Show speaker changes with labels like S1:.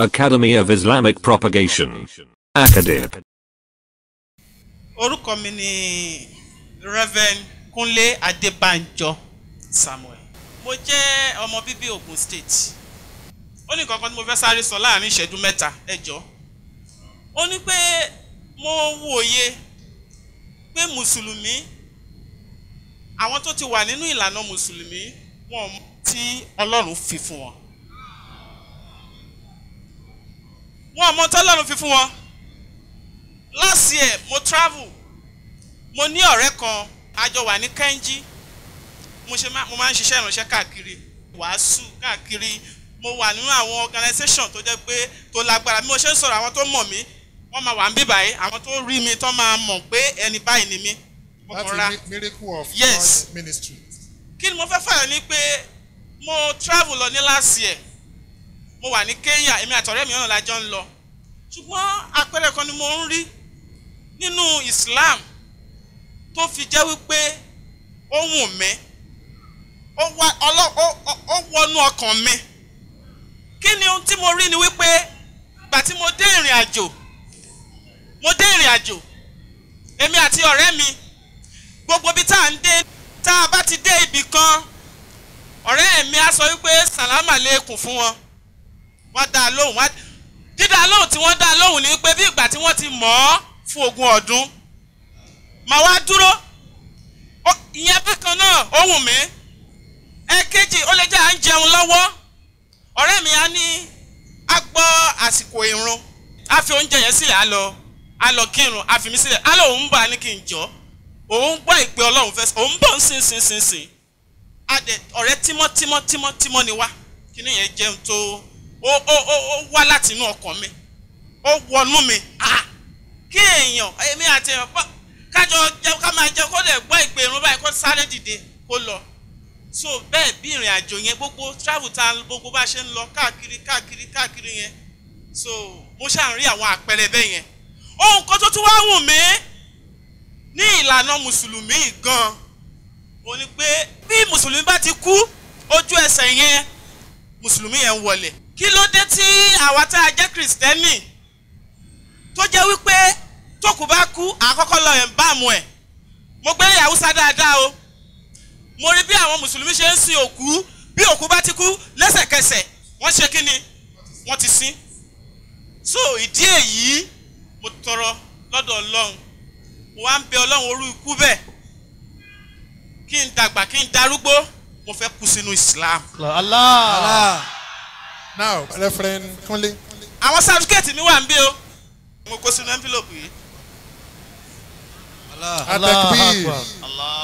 S1: Academy of Islamic Propagation. ACADIP. Orúkọ mi ni Reverend Kúnlé Adébánjọ Samuel. Mo jẹ́ ọmọ bíbí Ògùn State. Ó ní kankan tí mo fẹ́ sáré sọ láàrin ìṣẹ́jú mẹ́ta ẹjọ́. Ó ní pé mo wòye pé Mùsùlùmí àwọn tó ti wà nínú ìlànà Mùsùlùmí wọn tí Ọlọ́run fi fún wọn wọn àmọ́ tọ́lọ́run fi fún wọn last year mo travel mo ní ọ̀rẹ́ kan a jọ wà ní Kẹ́ńjí mo máa ń ṣiṣẹ́ ìránṣẹ́ káàkiri wàásù káàkiri mo wà nínú àwọn organisation tó jẹ́ pé tó lágbára bí mo ṣe ń sọ̀rọ̀ àwọn tó mọ̀ mí wọ́n máa wà ń bí báyìí àwọn tó rí mi tó máa mọ̀ pé ẹni báyìí ni mí. that is the miracle of yes. God's ministry. kí ni mo fẹ́ fàyọ ni pé mo travel lọ ní last year mo wà ní Kenya èmi àtọ̀rẹ́ mi ọ̀nà lájọ́ ń lọ ṣùgbọ́n àpẹẹrẹ kan ni mo ń rí nínú Islam tó fi jẹ́ wípé ó wù mí ó wọnú ọkàn mi kí ni ohun tí mo rí ni wípé ìgbà tí mo dé ìrìn àjò mo dé ìrìn àjò èmi àti ọ̀rẹ́ mi gbogbo bí tá à ń dé tá a bá ti dé ibì kan ọ̀rẹ́ mi á sọ wípé sàlámà lè kùn fún wọn wọ́n dá a lóhùn wọ́n dídá lóhùn tí wọ́n dá a lóhùn ni pé bí ìgbà tí wọ́n ti mọ̀ ọ́ fún ogún ọdún màá wá dúró ìyẹn bákan náà ó wù mí ẹ̀ẹ̀kejì ó lè jẹ́ à ń jẹun lọ́wọ́ ọ̀rẹ́ mi á ní á gbọ́ àsìkò ìrun á fi oúnjẹ yẹn sílẹ̀ á lọ á lọ kírun á fi mí sílẹ̀ á lọ òun bá a ní kí n jọ òun gbọ́ ìpè ọlọ́run fẹ́ òun bọ̀ ń sìn sìn sìn sìn ọ̀rẹ́ tímọ́tímọ́ tímọ́tímọ́ ni wá kí ni yẹn jẹun tó ó ó ó wá láti inú ọkàn mi ó wọnú mi ah kí èèyàn èmi àti èèyàn pa kájọ jẹ ká máa jẹ kó lè gbọ́ ìpè irun báyìí kó sáré dìde kó lọ so bẹ́ẹ̀ bí ìrìn àjò yẹn gbogbo travel ta gbogbo bá ṣe ń lọ káàkiri káàkiri káàkiri yẹn so mo ṣáà ń rí àwọn àpẹẹrẹ bẹ́ẹ̀ yẹn ohun kan tó tún wá wù mí ní ìlànà mùsùlùmí gan òní pé bí mùsùlùmí bá ti kú ojú ẹsẹ̀ yẹn mùsùlùmí yẹn ń wọlé kí ló dé tí àwa tá a jẹ́ kìrìsìtẹ́nì tó jẹ́ wípé tókù bá kú àkọ́kọ́ lọ ẹ̀ ń bá àmú ẹ̀ mo gbé Hausa dáadáa o mo rí bí àwọn mùsùlùmí ṣe ń sin òkú bí òkú bá ti kú lẹ́sẹ̀kẹsẹ̀ wọ́n ṣe kí ni wọ́n ti sin so ìdí èyí mo tọrọ lọ́dọ̀ Ọlọ́run mo wá ń bẹ Ọlọ́run orú ikú bẹ́ẹ̀ kí n dàgbà kí n darúgbó mo fẹ́ kú sínú Islam. Allah. Allah now reference Kúnlé. àwọn certificate mi wà ń bí o mo kó sínú envelope yìí. Allah Allah Allah.